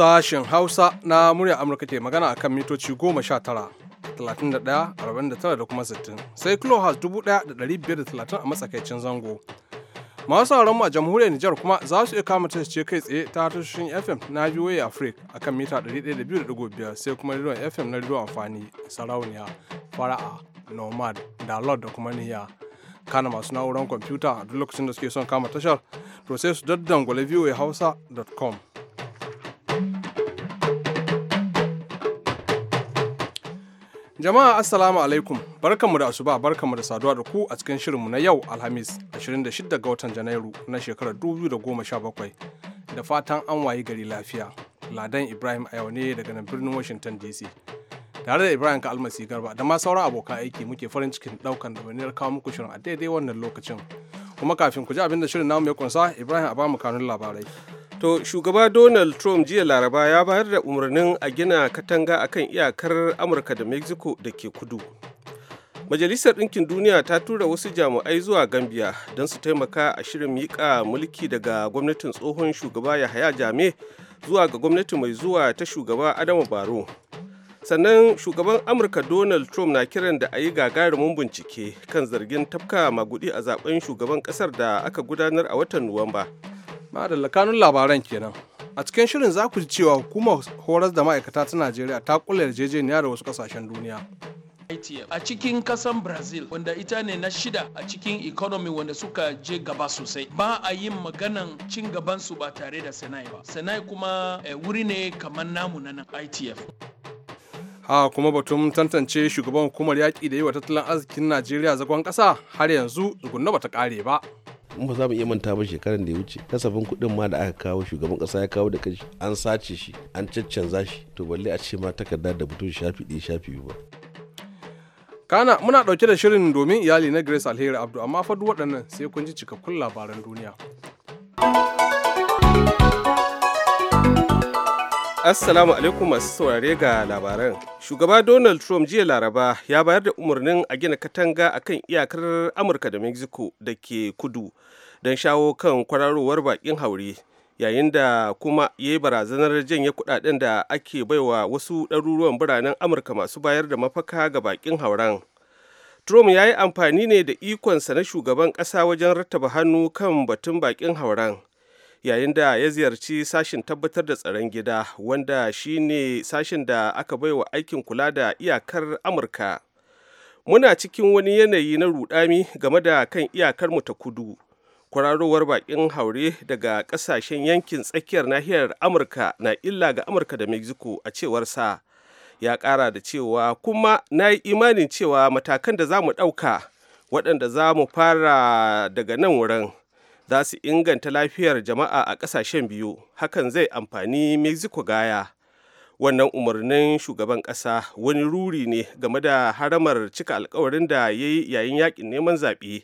Sashen Hausa na murya Amurka ke magana a kan mitoci 19, 31, 49 da kuma 60, sai Clohas 1,530 a matsakaicin zango. Masu sauran mu a jamhuriyar Nijar kuma za su iya kama ce kai tsaye ta tashoshin FM na a Africa a kan mita 102.5 sai kuma rediyon FM na rediyon amfani sarauniya, fara'a, nomad, lord da kuma niyya. kana masu na'urar kwamfuta a duk lokacin da suke son kama tashar to sai su daddangwale voahausa.com Jama'a Assalamu alaikum, barkanmu da asuba barkanmu da saduwa da ku a cikin shirinmu na yau Alhamis 26 ga watan Janairu na shekarar 2017 da fatan an wayi gari lafiya. Ladan Ibrahim a yau ne daga nan birnin Washington DC. Tare da Ibrahim ka almasi garba da ma sauran abokan aiki muke farin cikin daukan da wani kawo muku shirin a daidai wannan lokacin. Kuma kafin ku ji abin da shirin namu ya kunsa Ibrahim a bamu kanun labarai. To shugaba Donald Trump jiya Laraba ya bayar da umarnin a gina katanga a kan iyakar Amurka da Mexico da ke kudu. Majalisar Ɗinkin Duniya ta tura wasu jami'ai zuwa Gambia don su taimaka a shirin miƙa mulki daga gwamnatin tsohon shugaba Yahaya Jami zuwa ga gwamnati mai zuwa ta shugaba Adamu Baro. Sannan shugaban Amurka Donald Trump na kiran da a yi gagarumin bincike kan zargin tafka magudi a zaben shugaban ƙasar da aka gudanar a watan Nuwamba. Madalla kanun labaran kenan. A cikin shirin za ku ji cewa hukumar horar da ma'aikata ta Najeriya ta kula yarjejeniya da wasu kasashen duniya. ITF a cikin kasan Brazil wanda ita ne na shida a cikin economy wanda suka je gaba sosai ba a yin maganan cin gabansu ba tare da Sinai ba. Sinai kuma eh, wuri ne kamar namu na nan ITF. ha kuma batun tantance shugaban hukumar yaƙi da yi wa tattalin arzikin najeriya zagon ƙasa har yanzu tsugunna bata ƙare ba in ba za mu iya manta ba shekaran da ya wuce kasafin kuɗin ma da aka kawo shugaban kasa ya kawo da kashi an sace shi an caccanza shi to balle a ce ma takarda da butu shafi ɗaya shafi biyu ba. kana muna ɗauke da shirin domin iyali na grace alheri abdu amma fa duk waɗannan sai kun ji cikakkun labaran duniya. Assalamu alaikum masu saurare ga labaran. Shugaba Donald Trump jiya Laraba ya bayar da umarnin a gina katanga a kan iyakar Amurka da Mexico da ke kudu don shawo kan kwararowar bakin haure yayin da kuma ya yi barazanar janye kudaden da ake baiwa wasu ɗaruruwan biranen Amurka masu bayar da mafaka ga bakin hauren. Trump ya yi amfani ne da ikonsa na shugaban ƙasa wajen rattaba hannu kan batun bakin hauren. yayin da ya ziyarci sashin tabbatar da tsaron gida wanda shine sashin da aka baiwa aikin kula da iyakar amurka muna cikin wani yanayi na rudami game da kan iyakar mu ta kudu kwararowar bakin haure daga kasashen yankin tsakiyar nahiyar amurka na illa ga amurka da mexico a cewar sa ya kara da cewa kuma na yi imanin cewa matakan da za mu ɗauka waɗanda za mu fara daga nan wurin za su inganta lafiyar jama'a a ƙasashen biyu hakan zai amfani mexico gaya wannan umarnin shugaban ƙasa wani ruri ne game da haramar cika alkawarin da ya yi yayin yakin neman zaɓe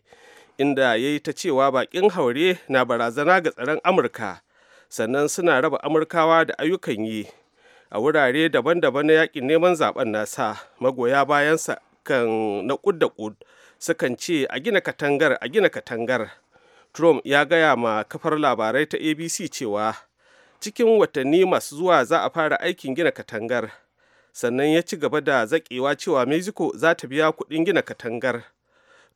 inda ya yi ta cewa baƙin haure na barazana ga tsaron amurka sannan suna raba amurkawa da ayyukan yi a wurare daban-daban na yakin neman zaben nasa magoya bayansa kan na kud kud sukan ce a gina katangar a gina katangar trump ya gaya ma kafar labarai ta abc cewa cikin watanni masu zuwa za a fara aikin gina katangar sannan ya ci gaba da zaƙewa cewa mexico za ta biya kuɗin gina katangar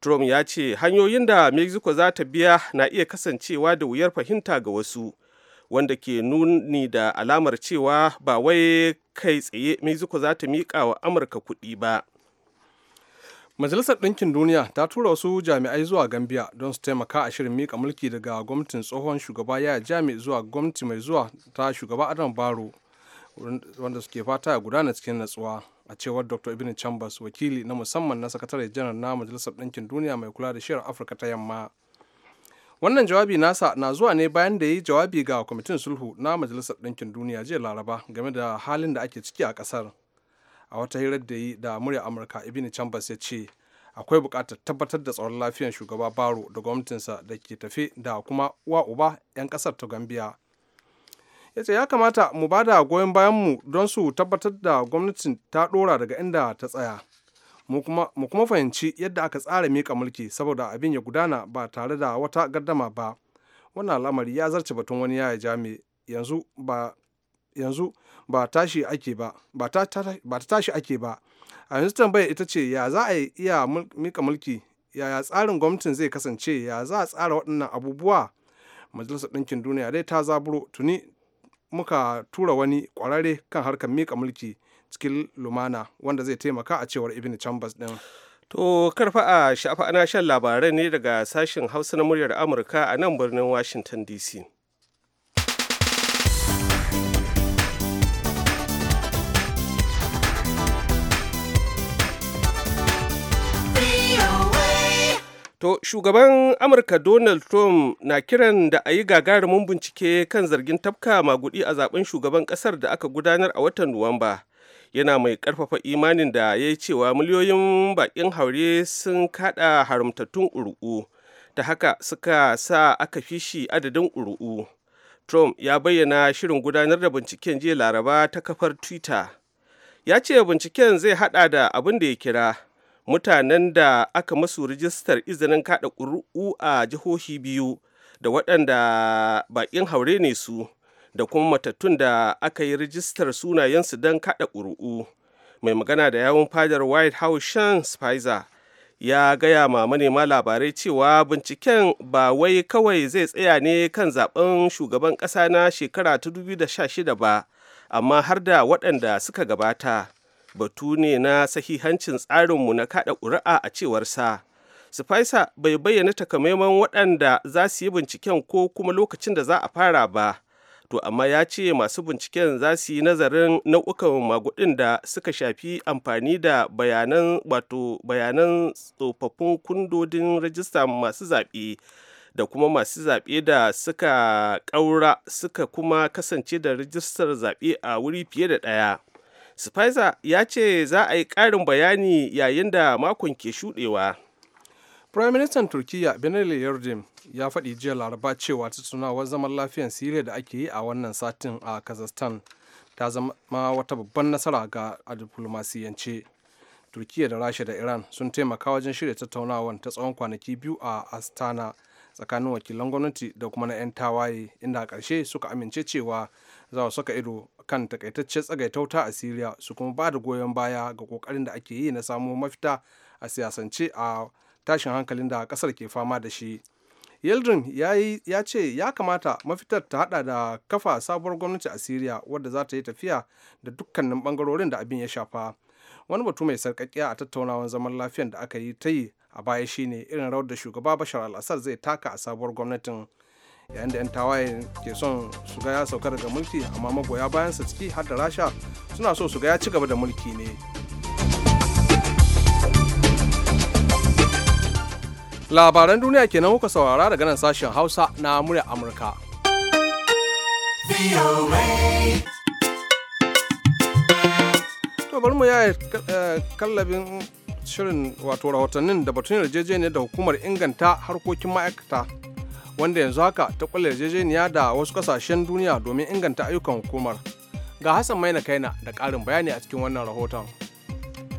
trump ya ce hanyoyin da mexico za ta biya na iya kasancewa da wuyar fahimta ga wasu wanda ke nuni da alamar cewa ba wai kai tsaye mexico za ta miƙa wa amurka kuɗi ba majalisar ɗinkin duniya ta tura wasu jami'ai zuwa gambia don su taimaka a shirin mika mulki daga gwamnatin tsohon shugaba ya jami zuwa gwamnati mai zuwa ta shugaba adam baro wanda suke fata ya gudana cikin natsuwa a cewar dr ibn chambers wakili na musamman na sakatare janar na majalisar ɗinkin duniya mai kula da shirin afirka ta yamma wannan jawabi nasa na zuwa ne bayan da ya yi jawabi ga kwamitin sulhu na majalisar ɗinkin duniya jiya laraba game da halin da ake ciki a ƙasar a wata hirar da yi da murya amurka ibn chambers ya ce akwai buƙatar tabbatar da tsaron lafiyar shugaba baro da gwamnatinsa da ke tafe da kuma wa uba 'yan ƙasar ta gambia ya ce ya kamata mu ba da goyon bayanmu don su tabbatar da gwamnatin ta ɗora daga inda ta tsaya mu kuma fahimci yadda aka tsara miƙa mulki saboda abin ya gudana ba tare da wata gardama ba wannan lamari ya zarce batun wani yaya jami yanzu ba yanzu ba tashi ake ba ba ta tashi ake ba a yanzu tambayar ita ce ya za a iya mika mulki yaya tsarin gwamnatin zai kasance ya za a tsara waɗannan abubuwa majalisar ɗinkin duniya dai ta zaburo tuni muka tura wani ƙwararre kan harkar mika mulki cikin lumana wanda zai taimaka a cewar ibn chambers ɗin to karfa a shafa ana shan labarai ne daga sashen hausa na muryar amurka a nan birnin washington dc To, shugaban Amurka Donald Trump na kiran da a yi gagarumin bincike kan zargin tafka magudi a zaben shugaban kasar da aka gudanar a watan Nuwamba. Yana mai karfafa imanin da ya yi cewa miliyoyin bakin haure sun kada haramtattun ƙuru'u, ta haka suka sa aka fi shi adadin ƙuru'u. Trump ya bayyana shirin gudanar da binciken jiya Laraba ta kafar Twitter. Ya ce binciken zai hada da abin da ya kira. mutanen da aka masu rijistar izinin kada ƙuri'u a jihohi biyu da waɗanda baƙin haure ne su da kuma matattun da aka yi rijistar sunayensu don kada ƙuri'u mai magana da yawon fadar white house shan spicer ya gaya ma manema labarai cewa binciken ba wai kawai zai tsaya ne kan zaben shugaban ƙasa na shekara ta 2016 ba amma har da waɗanda suka gabata batu ne na sahihancin tsarinmu na kada ƙuri'a a cewar sa spicer bai bayyana takamaiman waɗanda za su yi binciken ko kuma lokacin da za a fara ba to amma ya ce masu binciken za su yi nazarin nau'ukan magudin da suka shafi amfani da bayanan wato bayanan tsofaffin kundodin rajista masu zaɓe da kuma masu zaɓe da suka ƙaura suka kuma kasance da rajistar zaɓe a wuri fiye da ɗaya Spicer ya ce za a yi ƙarin bayani yayin da makon ke shuɗewa. Prime Minister Turkiyya Binali Yardim ya faɗi jiya Laraba cewa tattunawar zaman lafiyar Siriya da ake yi a wannan satin a Kazakhstan ta zama wata babban nasara ga a diplomasiyance. Turkiyya da Rasha da Iran sun taimaka wajen shirya tattaunawar ta tsawon kwanaki biyu a Astana tsakanin wakilan gwamnati da kuma na 'yan tawaye inda a ƙarshe suka amince cewa za su saka ido kan takaitaccen tsagaita a Siriya su kuma ba da goyon baya ga kokarin da ake yi na samo mafita a siyasance a tashin hankalin da kasar ke fama da shi. Yeldrin ya ce ya kamata mafitar ta hada da kafa sabuwar gwamnati a Siriya wadda za ta yi tafiya da dukkanin bangarorin da abin ya shafa. Wani batu mai sarƙaƙiya a tattaunawan zaman lafiyar da aka yi ta yi a baya shine irin rawar da shugaba Bashar al-Assad zai taka a sabuwar gwamnatin. yayin da 'yan tawaye ke son su ga ya sauka daga mulki amma magoya bayan sa ciki har da rasha suna so su ga ya ci gaba da mulki ne labaran duniya kenan kuka saurara daga nan sashen hausa na murya amurka to bari mu yaya eh, kallabin shirin wato rahotannin da batun yarjejeniyar da hukumar inganta harkokin ma'aikata wanda yanzu haka ta kulle yarjejeniya da wasu kasashen duniya domin inganta ayyukan hukumar ga hassan maina kaina da ƙarin bayani a cikin wannan rahoton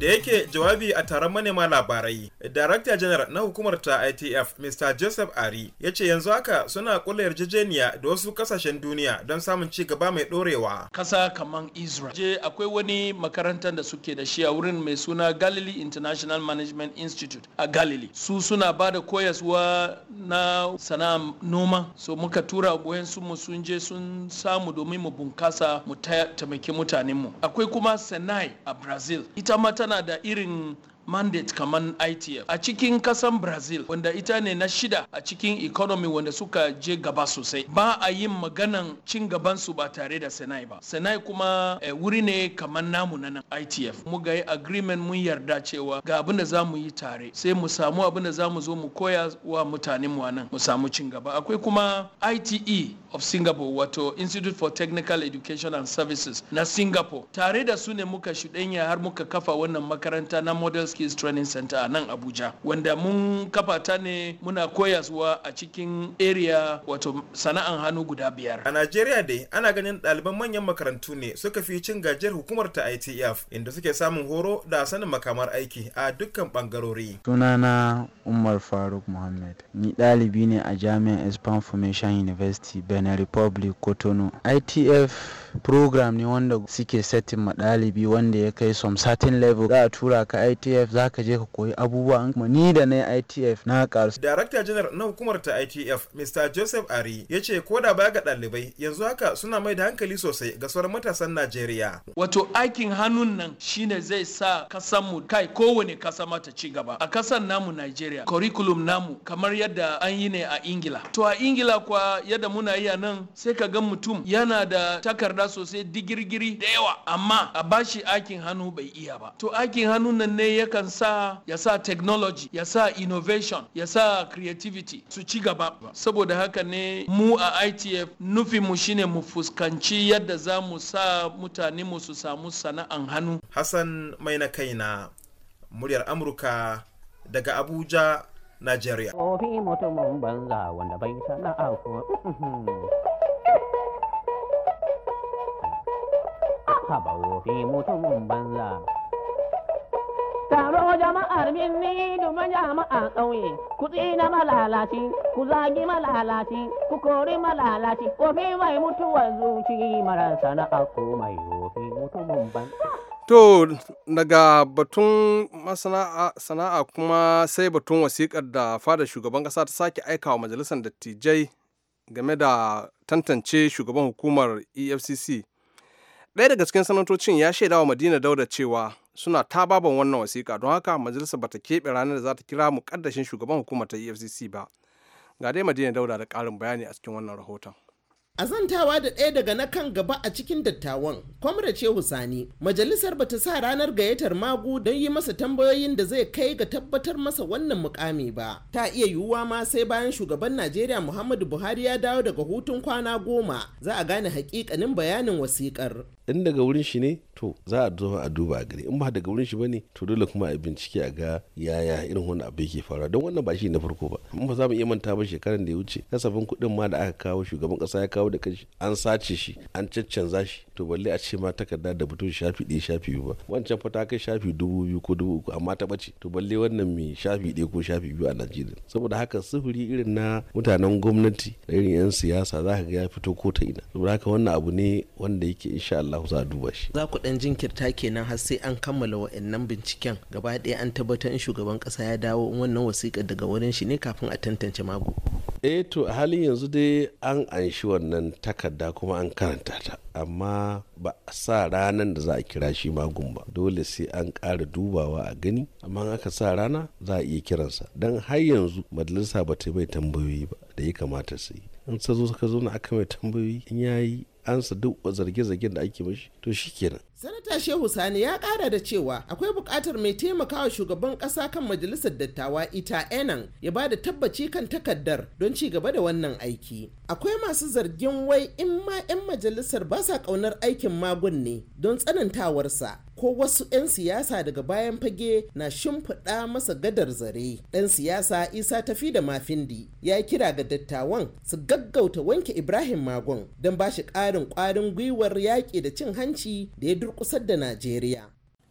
da yake jawabi a taron manema labarai darakta janar na hukumar ta itf mr joseph ari ya ce yanzu haka suna kula yarjejeniya da wasu kasashen duniya don samun ci gaba mai dorewa kasa kamar israel je akwai wani makarantar da suke da shi a wurin mai suna galilee international management institute a galilee su suna ba da koyaswa na sana'a noma so muka tura wayansu mu sun je sun samu domin mu bunkasa mu taimaki mutanenmu akwai kuma senai a brazil ita ma tana tana da irin mandate kamar ITF a cikin kasan Brazil wanda ita ne na shida a cikin economy wanda suka je gaba sosai ba a yi maganan cin gaban su ba tare da Senai ba Senai kuma e, wuri ne kamar namu na nan ITF mu ga agreement mun yarda cewa ga abin da zamu yi tare sai mu samu abin da zamu zo mu koya wa mutanen mu nan mu samu cin gaba akwai kuma ITE of Singapore wato Institute for Technical Education and Services na Singapore tare da su ne muka shudanya har muka kafa wannan makaranta na model skills training center a nan abuja wanda mun kafa ta ne muna koyaswa a cikin area wato sana'an hannu guda biyar a najeriya dai ana ganin ɗaliban manyan makarantu ne suka fi cin gajiyar hukumar ta itf inda suke samun horo da sanin makamar aiki a dukkan bangarori sunana umar faruk muhammad ni ɗalibi ne a jami'ar espan formation university benin republic Cotonou itf program ne wanda suke setting ma ɗalibi wanda ya kai some certain level za a tura ka ITF za ka je ka koyi abubuwa kuma ni da na ITF na karu. Director General na hukumar ta ITF Mr. Joseph Ari ya ce ko da baya ga ɗalibai yanzu haka suna mai da hankali sosai ga sauran matasan Najeriya. Wato aikin hannun nan shine zai sa kasan mu kai kowane kasa mata ci gaba. A kasan namu Najeriya curriculum namu kamar yadda an yi ne a Ingila. To a Ingila kwa yadda muna yi a nan sai ka ga mutum yana da takarda faɗa sosai digirgiri da yawa amma a bashi aikin hannu bai iya ba to aikin hannu nan ne yakan sa ya sa technology ya sa innovation ya sa creativity su ci gaba saboda haka ne mu a ITF nufin mu shine mu fuskanci yadda za mu sa mutane mu su samu sana'an hannu Hassan mai na kai na muryar Amurka daga Abuja Najeriya. Ofi mutumin banza wanda bai sana'a ko haba wofi mutumin banza jama'ar birni duma jama'a ƙauye ku tsina malalaci ku zagi malalaci ku kori malalaci wofi mai mutuwar zuci mara sana'a ko mai wofi mutumin banza To daga batun sana'a kuma sai batun wasikar da fadar shugaban ƙasa ta sake aika wa majalisar dattijai game da tantance shugaban hukumar EFCC ɗaya daga cikin sanatocin ya shaida wa madina dauda cewa suna ta baban wannan wasiƙa don haka majalisar ta keɓe ranar da za ta kira muƙaddashin shugaban hukumar ta efcc ba ga dai madina dauda da ƙarin bayani a cikin wannan rahoton azantawa da ɗaya daga na kan gaba a cikin dattawan kwamra ce sani majalisar bata sa ranar gayyatar magu don yi masa tambayoyin da zai kai ga tabbatar masa wannan mukami ba ta iya yiwuwa ma sai bayan shugaban najeriya muhammadu buhari ya dawo daga hutun kwana goma za a gane hakikanin bayanin wasikar in daga wurin shi ne to za a zo a duba a gari in ba daga wurin shi bane to dole kuma a bincike a ga yaya irin wannan abu yake faruwa don wannan ba shi na farko ba in ba za mu iya manta ba shekaran da ya wuce kasafin kuɗin ma da aka kawo shugaban ƙasa ya kawo da kanshi an sace shi an caccanza shi to balle a ce ma takarda da fito shafi ɗaya shafi biyu ba wancan fa ta kai shafi dubu biyu ko dubu uku amma ta ɓace to balle wannan mai shafi ɗaya ko shafi biyu a najeriya saboda haka sufuri irin na mutanen gwamnati da irin 'yan siyasa za ka ga ya fito ko ta ina saboda haka wannan abu ne wanda yake insha Allah za a duba shi za ku dan jinkirta kenan har sai an kammala wa'annan binciken gaba ɗaya an tabbatar in shugaban ƙasa ya dawo wannan wasiƙa daga wurin shi ne kafin a tantance magu eh to a halin yanzu dai an anshi wannan takarda kuma an karanta ta amma ba a sa ranar da za a kira shi magun ba dole sai an ƙara dubawa a gani amma aka sa rana za a iya kiransa don har yanzu majalisa ba ta bai tambayoyi ba da ya kamata su yi in sa zo suka zo na aka mai tambayoyi in ya yi ansa duk zarge-zargen da ake mashi to shi kenan. Sanata Shehu Sani ya kara da cewa akwai bukatar mai taimakawa shugaban kasa kan majalisar dattawa ita enan ya ba da tabbaci kan takardar don ci gaba da wannan aiki. Akwai masu zargin wai in ma 'yan majalisar ba sa kaunar aikin magun ne don tsanantawarsa ko wasu 'yan siyasa daga bayan fage na shimfiɗa masa gadar zare. Ɗan siyasa Isa tafi da mafindi ya kira ga dattawan su gaggauta wanke Ibrahim magun don ba shi ƙarin ƙwarin gwiwar yaƙi da cin hanci da ya durƙusa ƙasar da najeriya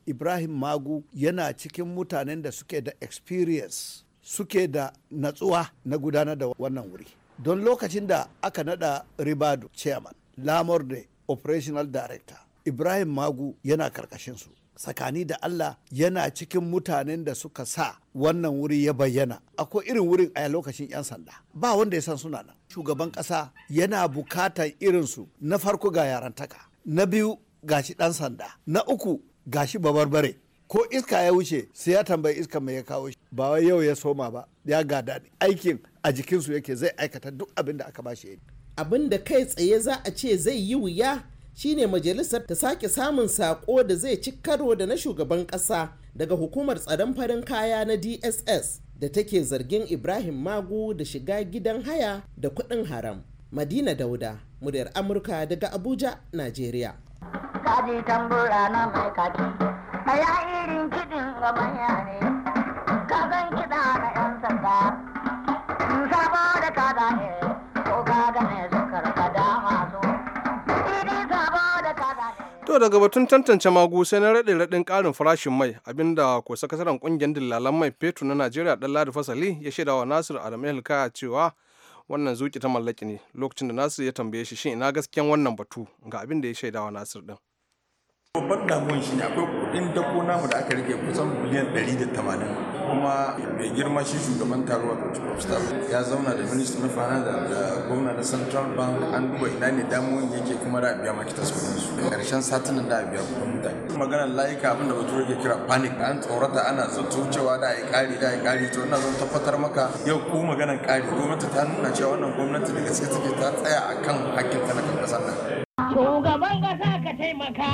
ibrahim magu yana cikin mutanen da suke da experience suke da natsuwa na gudanar da wannan wuri don lokacin da aka nada Ribadu chairman de operational director ibrahim magu yana karkashin su, tsakani da allah yana cikin mutanen da suka sa wannan wuri ya bayyana akwai irin wurin a lokacin 'yan sanda ba wanda ya san suna nan shugaban ƙasa yana bukatan irinsu na farko ga yarantaka na biyu gashi dan sanda na uku gashi babar babarbare ko iska ya wuce sai ya tambayi iska mai ya kawo shi ba wai yau ya soma ba ya gada aikin a jikinsu yake zai aikata duk abin da aka bashi abin da kai tsaye za a ce zai yi wuya shine majalisar ta sake samun sako da zai ci karo da na shugaban kasa daga hukumar tsaron farin kaya na dss da take zargin ibrahim magu da shiga gidan haya da kuɗin haram madina dauda muryar amurka daga abuja najeriya Kaji tambura na mai kaji, a ya irin kiɗin ga manya ka zan kiɗa na ‘yan sanda, in sabo da ka zane, ko ka ne sukar kada masu, ini sabo da ka ne. To daga batun tantance magu sai na raɗe raɗin ƙarin farashin mai abinda ko sakataren ƙungiyar dillalan mai fetur na Najeriya ɗan Ladi Fasali ya shaidawa Nasir Adam Kaya cewa wannan zuki ta mallaki ne lokacin da nasir ya tambaye shi shin ina gasken wannan batu ga abin da ya shaidawa nasir din babban damuwan shi ne akwai kudin dako namu da aka rike kusan biliyan 180 kuma mai girma shi shugaban taro wato chief ya zauna da minista na fana da gwamna na central bank an duba ina ne damuwan yake kuma da a biya ta kudin su da karshen satin da a biya mutane maganar layuka abin da bature ke kira panic an tsorata ana zato cewa da ai kari da ai kari to ina zan tabbatar maka yau ko maganar kari gwamnati ta nuna cewa wannan gwamnati da gaske take ta tsaya a kan hakkin kan kasar nan shugaban kasa ka taimaka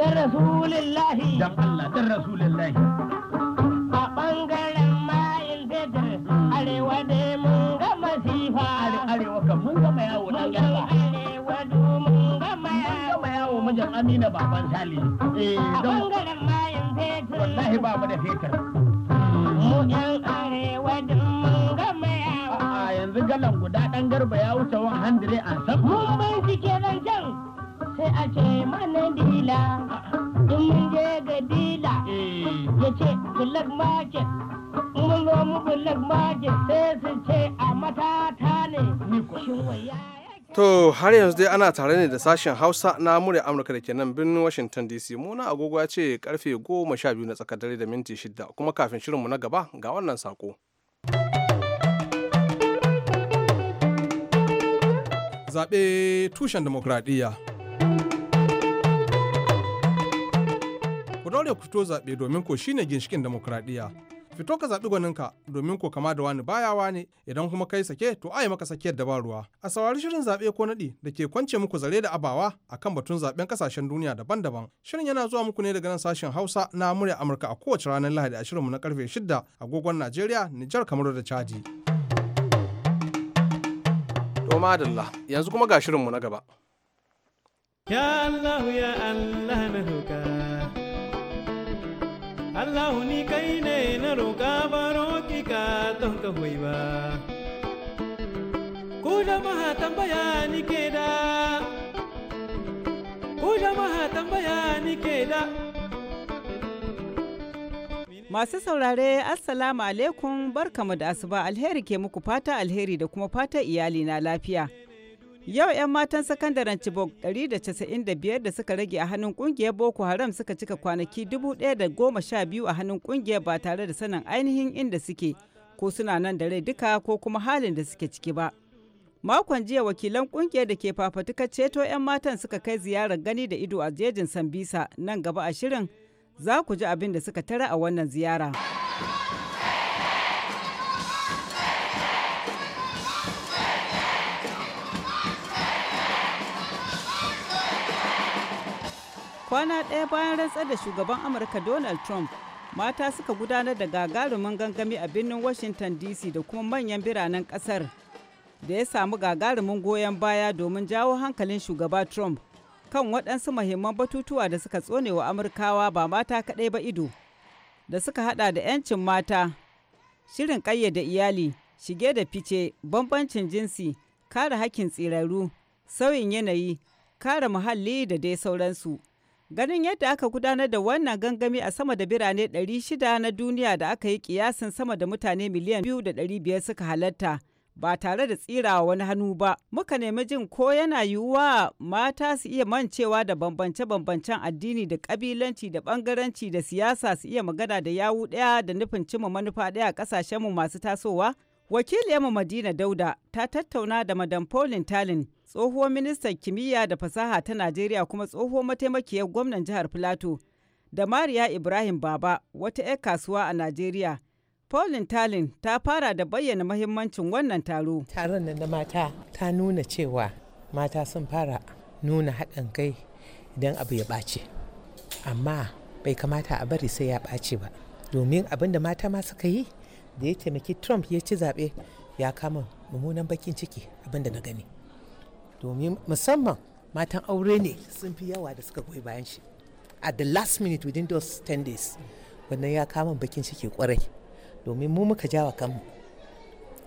dan rasulillahi dan Allah dan rasulillahi bangaren mayin fetur arewa ne mun ga masifa arewa kan mun ga yawo na garba arewa du mun ga yawo mun jan amina baban sali eh bangaren mayin fetur wallahi ba mu da fetur mu yan arewa du mun ga yawo a yanzu galan guda dan garba ya wuce 100 an san mun bai cike nan can sai a ce mana dila in mun je ga dila ce market ce a matata ne To har yanzu dai ana tare ne da sashen Hausa na murya Amurka da ke nan birnin Washington DC. Muna agogo ya ce karfe goma sha biyu na tsakar dare da minti shida kuma kafin shirinmu na gaba ga wannan sako. Zaɓe tushen demokradiyya. ku daure ku fito zaɓe domin ko shine ginshikin demokuraɗiyya. Fito ka zaɓi gwanin ka domin ko kama da wani baya wani idan kuma kai sake to ai maka sakiyar da ba ruwa. A saurari shirin zaɓe ko naɗi da ke kwance muku zare da abawa akan batun zaɓen ƙasashen duniya daban-daban. Shirin yana zuwa muku ne daga nan sashen Hausa na murya Amurka a kowace ranar Lahadi a shirinmu na karfe shida agogon Najeriya, Nijar, kamar da Chadi. To madalla yanzu kuma ga shirinmu na gaba. Ya Allah ya Allah na hukar. Allah ni kai ne na roka baro ki ka don ka hoyi ba. Ku jama'a tambaya ke da, ku Masu saurare Assalamu alaikum barkamu da asuba alheri ke muku fata alheri da kuma fata iyali na lafiya. Yau 'yan matan sakandaren Chibok 195 da suka rage a hannun kungiyar Boko Haram suka cika kwanaki 1,012 a hannun kungiyar ba tare da sanin ainihin inda suke ko suna nan da rai duka ko kuma halin da suke ciki ba. Makon jiya wakilan kungiyar da ke fafatuka ceto 'yan matan suka kai ziyarar gani da ido a jejin Sambisa nan gaba a shirin za ku ji abin da suka tara a wannan ziyara. kwana ɗaya bayan rantsar da shugaban amurka donald trump mata suka gudanar da gagarumin gangami a birnin washington dc da kuma manyan biranen ƙasar da ya samu gagarumin goyon baya domin jawo hankalin shugaba trump kan waɗansu mahimman batutuwa da suka tsone wa amurkawa ba mata kaɗai ba ido da suka hada da 'yancin mata shirin ƙayyade iyali shige da fice bambancin jinsi kare hakkin tsirarru sauyin yanayi kare muhalli da dai sauransu Ganin yadda aka gudanar da wannan gangami a sama da birane 600 na duniya da aka yi kiyasin sama da mutane miliyan 2.500 suka halatta ba tare da tsirawa wani hannu ba, muka nemi jin ko yana yiwuwa mata su iya mancewa da bambance-bambancen addini da kabilanci da bangaranci da siyasa su iya magana da yawu ɗaya da nufin cimma manufa ɗaya a ƙasashenmu masu tasowa. Wakiliyarmu Madina Dauda ta tattauna da Madam Pauline Talin tsohuwar ministan kimiyya da fasaha ta najeriya kuma tsohuwar mataimakiyar gwamnan jihar filato da mariya ibrahim baba wata 'yar kasuwa a najeriya Pauline Talin ta fara da bayyana mahimmancin wannan taro. Taron nan na mata ta nuna cewa mata sun fara nuna haɗin kai idan abu ya ɓace. Amma bai kamata a bari sai ya ɓace ba. Domin abin da mata ma suka yi da ya taimaki Trump ya ci zaɓe ya kama mummunan bakin ciki abin da na gani. domin musamman matan aure ne sun fi yawa da suka goyi bayan shi at the last minute within those 10 days wannan ya kama bakin ciki kwarai domin mu muka jawa kanmu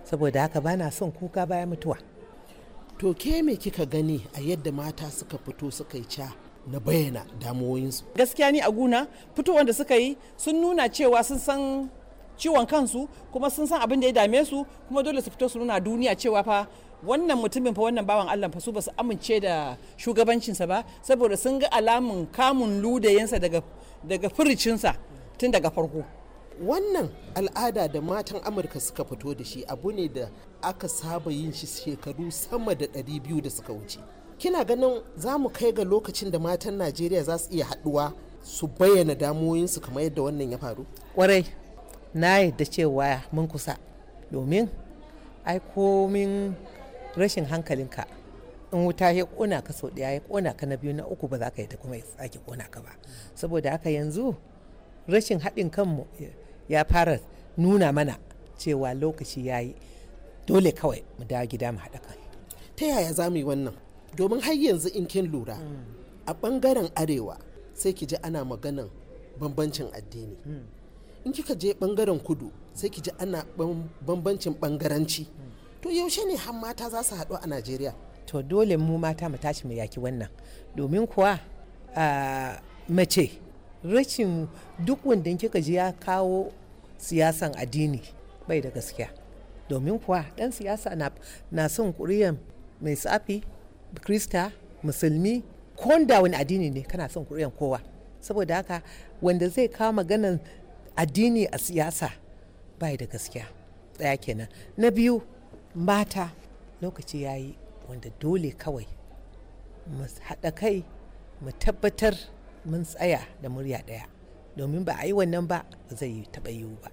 saboda haka ba na son kuka bayan mutuwa to ke me kika gani a yadda mata suka fito suka yi ca na bayyana damuwoyinsu gaskiya ni a guna fitowar da suka yi sun nuna cewa sun san ciwon kansu kuma sun san abin da ya dame su kuma dole su fito su nuna duniya cewa fa wannan mutumin fa wannan bawan Allah fa su basu amince da shugabancinsa ba saboda sun ga alamun kamun ludayensa daga daga furicinsa tun daga farko wannan al'ada da matan amurka suka fito da shi abu ne da aka saba yin shi shekaru sama da 200 da suka wuce kina ganin za mu kai ga lokacin da matan najeriya za su iya haduwa su bayyana damuwoyinsu kamar yadda wannan ya faru kwarai na yadda cewa mun kusa domin ai komin rashin hankalinka in wuta ya kona ka sau ɗaya ya kona ka na biyu na uku ba za ka yi ta kuma ya kona ka ba saboda haka yanzu rashin haɗin kanmu ya fara nuna mana cewa lokaci ya yi dole kawai mu dawo gida mu haɗa kan ta yaya za mu yi wannan domin har yanzu in kin lura mm. a ɓangaren arewa sai ki ji ana maganan bambancin addini mm. in kika je ɓangaren kudu sai ki ji ana bambancin ɓangaranci mm. to yaushe ne har mata za su haɗu a najeriya to dole mu mata mu tashi mu yaki wannan domin kuwa mace rashin duk wanda kika ji ya kawo siyasan addini bai da gaskiya domin kuwa dan siyasa na son kuriyan mai tsafi krista musulmi da wani addini ne kana son kuriyan kowa saboda haka wanda zai kawo maganan addini a siyasa bai da gaskiya ɗaya kenan na biyu mata lokaci ya yi wanda dole kawai mu haɗa kai mu tabbatar mun tsaya da murya ɗaya domin ba a yi wannan ba ba zai taɓa yiwu ba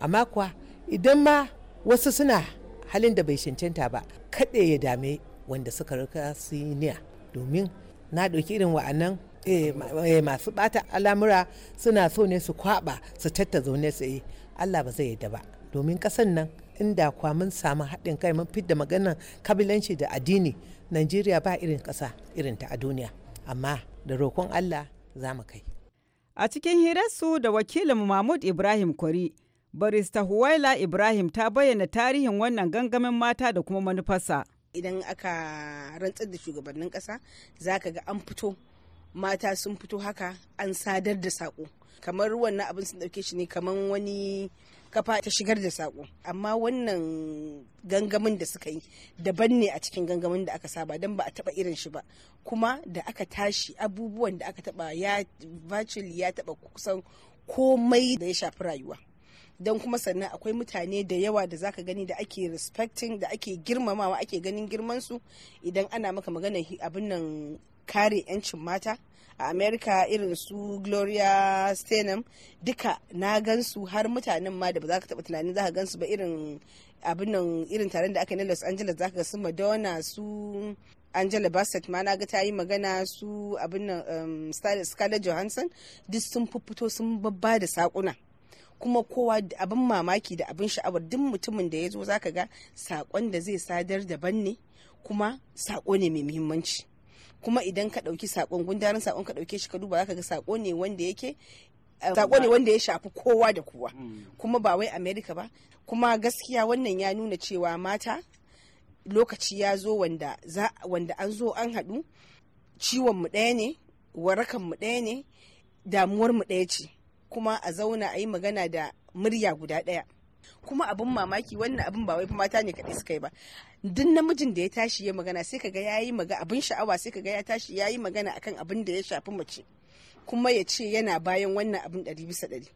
amma kuwa idan ma wasu suna halin da bai shancanta ba kaɗe ya dame wanda suka raka su yi niya domin na ɗauki irin wa'annan eh, eh, masu ɓata al'amura suna so ne su kwaɓa su tatta ne su yi allah ba zai yadda ba domin ƙasan nan inda kwa mun samu haɗin kai mun fidda maganar kabilanci da addini najeriya ba irin ƙasa irin ta a duniya amma da roƙon allah za mu kai a cikin hirarsu da wakilin mahmud ibrahim kwari barista huwaila ibrahim ta bayyana tarihin wannan gangamin mata da kuma manufarsa idan aka rantsar da shugabannin ƙasa za ka ga an fito mata sun fito haka an sadar da saƙo. kamar wannan abin sun ɗauke shi ne kamar wani kafa ta shigar da sako amma wannan gangamin da suka yi daban ne a cikin gangamin da aka saba don ba a taba irin shi ba kuma da aka tashi abubuwan da aka taba ya virtual ya taba kusan komai da ya shafi rayuwa don kuma sannan akwai mutane da yawa da zaka gani da ake respecting da ake girmamawa ake ganin girmansu idan ana maka maganar abin nan kare 'yancin mata a america irin su gloria steinem duka na gansu har mutanen ma da ba za ka taba tunanin za ka gansu ba irin abin irin taron da aka yi na los angeles za ka ga su madonna su angela bassett ma na ga ta yi magana su abin nan um, scarlett johansson duk sun fito sun babba da sakuna kuma kowa abin mamaki da abin sha'awar duk mutumin da ya zo za ka ga sakon da zai sadar daban ne kuma sako ne mai muhimmanci kuma idan ka ɗauki sakon gundarin sakon ka ɗauke shi ka duba zaka ga sako ne wanda yake sako ne wanda ya shafi kowa da kowa mm. kuma ba wai america ba kuma gaskiya wannan ya nuna cewa mata lokaci ya zo wanda wanda an zo an haɗu ciwon mu ɗaya ne warakan mu ɗaya ne damuwar mu ɗaya ce kuma a zauna a yi magana da murya guda ɗaya kuma abin mamaki wannan abin ba wai mata ne kaɗai suka yi ba duk namijin da ya tashi ya magana sai kaga ya yi magana abin sha'awa sai kaga ya tashi ya yi magana akan abin da ya shafi mace kuma ya ce yana bayan wannan abin ɗari bisa ɗari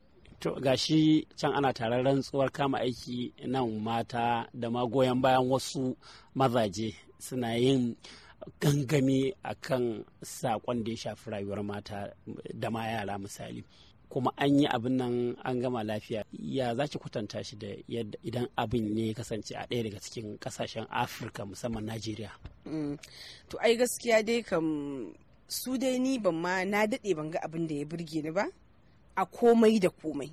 to gashi can ana taron rantsuwar kama aiki nan mata da ma goyon bayan wasu mazaje suna yin gangami akan sakon da ya shafi rayuwar mata da ma yara misali kuma an yi abin nan an gama lafiya ya za ki kwatanta shi da yadda idan abin ne ya kasance a ɗaya daga cikin ƙasashen afirka musamman najeriya mm. to ai gaskiya dai kam su dai ni ban ma na daɗe ban ga abin da ya burge ni ba a komai da komai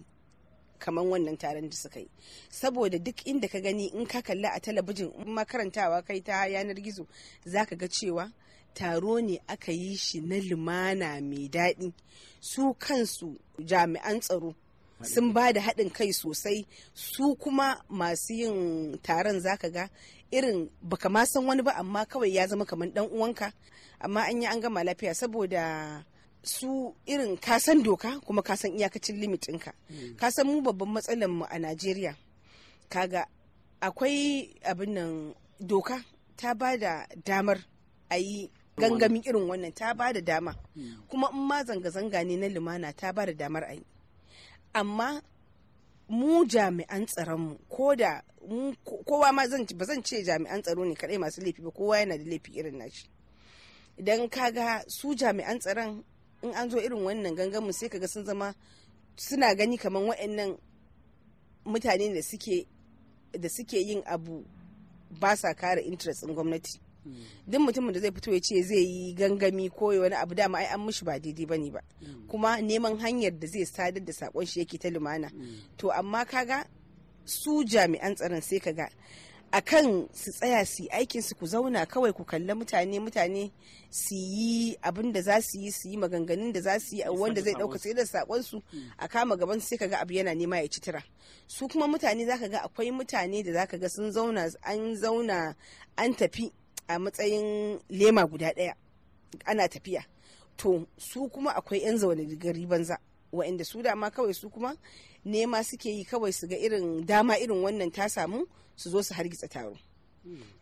kamar wannan taron da suka yi saboda duk inda ka gani in ka kalla a talabijin in makarantawa kai ta yanar gizo za ka ga cewa taro ne aka yi shi na lumana mai daɗi su kansu jami'an tsaro sun ba da haɗin kai sosai su kuma masu yin taron zaka ga irin baka ma san wani ba amma kawai ya zama kamar dan uwanka amma an yi an gama lafiya saboda su irin kasan doka kuma kasan iyakacin limitinka hmm. kasan mu babban matsalar mu a najeriya kaga akwai abin nan doka ta ba da damar a yi gangamin irin wannan ta ba da dama hmm. kuma in ma zanga-zanga ne na lumana ta ba da damar a yi amma mu jami'an tsaronmu ko da kowa ma ba zan ce jami'an tsaro ne kadai masu laifi ba kowa yana da laifi irin nashi idan ga su jami'an tsaron in an zo irin wannan gangamu sai kaga sun zama suna gani kamar waɗannan mutane da suke da suke yin abu ba sa kare interest in gwamnati duk mutumin da zai fito ya ce zai yi gangami ko wani abu dama ai an mishi ba daidai bane ba kuma neman hanyar da zai sadar da sakon shi yake ta lumana to amma kaga su jami'an tsaron sai kaga A kan su tsaya su yi aikin su ku zauna kawai ku kalla mutane mutane su yi abin da za su yi su yi maganganun da za su yi wanda zai dauka sai da sakon su a kama gaban sai kaga abu yana nema ya citira. su kuma mutane zaka ga akwai mutane da zaka ga sun zauna an zauna an tafi a matsayin lema guda ɗaya ana tafiya to su kuma akwai 'yan zaune gari banza wa'inda su dama kawai su kuma nema suke yi kawai su ga irin dama irin wannan ta samu su zo su hargitsa taro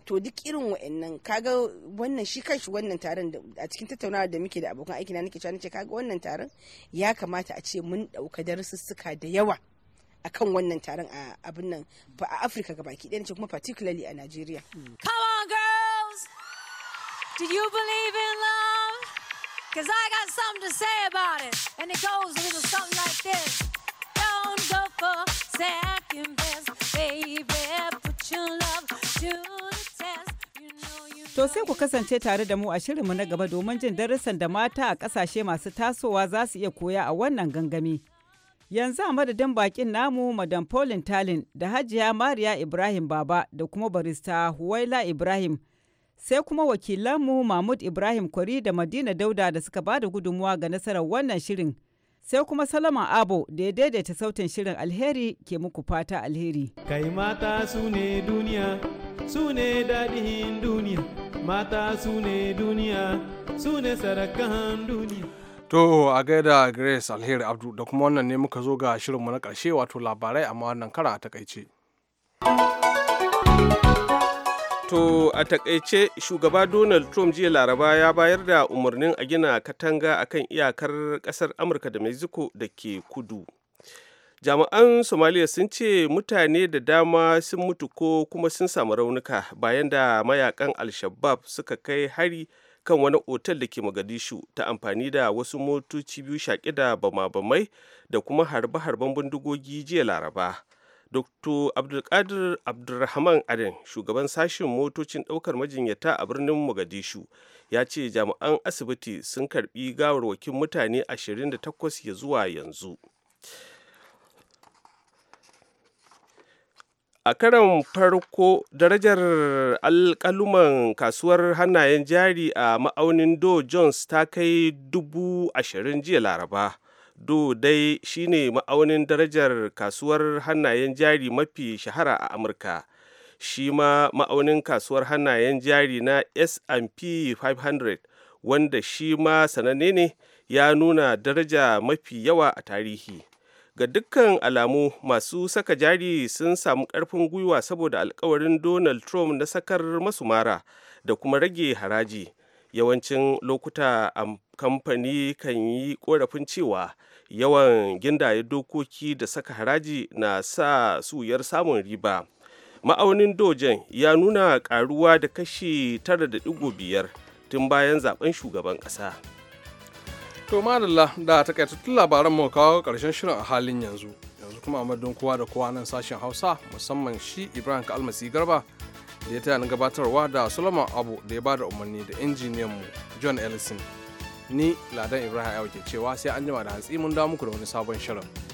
to duk irin wa'annan kaga wannan shi kanshi wannan taron a cikin tattaunawa da muke da abokan aiki na nake cewa nace kaga wannan taron ya kamata a ce mun dauka darussuka da yawa akan wannan taron a abin nan a Afirka gabaki ɗaya nace kuma particularly a Najeriya. Kawa Do you believe in love? Because I got something to say about it. And it goes a little something like this Don't go for second best, baby. Put your love to the test. To sai ku kasance tare da mu a shirinmu na gaba domin jin darussan da mata a ƙasashe masu tasowa za su iya koya a wannan gangami. Yanzu a madadin bakin namu Madam Pauline Talin da Hajiya Mariya Ibrahim Baba da kuma barista Huwaila Ibrahim. sai kuma wakilanmu Mahmud Ibrahim Kwari da Madina Dauda da suka ba da gudunmuwa ga nasarar wannan shirin. Sai kuma Salama Abo da ya daidaita sautin shirin alheri ke muku fata alheri. Kai mata su ne duniya, su ne daɗin duniya, mata su ne duniya, su ne sarakan duniya. To a gaida Grace Alheri Abdu da kuma wannan ne muka zo ga shirin mu na karshe wato labarai amma wannan kara a takaice. To a takaice shugaba Donald Trump jiya Laraba ya bayar da umarnin a gina katanga akan iyakar kasar Amurka da Mexico da ke kudu. Jami'an somaliya sun ce mutane da dama sun mutu ko kuma sun samu raunuka bayan da mayakan al shabab suka kai hari kan wani otal da ke Mogadishu ta amfani da wasu motoci biyu shaƙi da bama-bamai da kuma harbe-harben bindigogi jiya Laraba. dr abdulkadir abdulrahman aden shugaban sashen motocin ɗaukar majinyata a birnin mogadishu ya ce jami'an asibiti sun karbi gawarwakin mutane 28 ya zuwa yanzu a karan farko darajar alkaluman kasuwar hannayen jari a ma'aunin dow jones ta kai dubu ashirin jiya laraba do dai shine ma'aunin darajar kasuwar hannayen jari mafi shahara a amurka shi ma ma'aunin kasuwar hannayen jari na s&p 500 wanda shi ma sananne ne ya nuna daraja mafi yawa a tarihi ga dukkan alamu masu saka jari sun samu karfin gwiwa saboda alkawarin donald trump na sakar masu mara da kuma rage haraji yawancin lokuta a kamfani kan yi korafin cewa yawan gindayen dokoki da saka haraji na sa suyar samun riba ma'aunin dojen ya nuna karuwa da kashi 9.5 tun bayan zaben shugaban kasa to madalla da takaitattun labaran mu kawo karshen shirin a halin yanzu yanzu kuma a madadin kowa da kowa nan sashen hausa musamman shi ibrahim kalmasi garba da ya taya na gabatarwa da solomon abu da ya bada umarni da injiniyan mu john ellison ni ladan ibrahim ke cewa sai an jima da hantsi mun damu muku da wani sabon shirin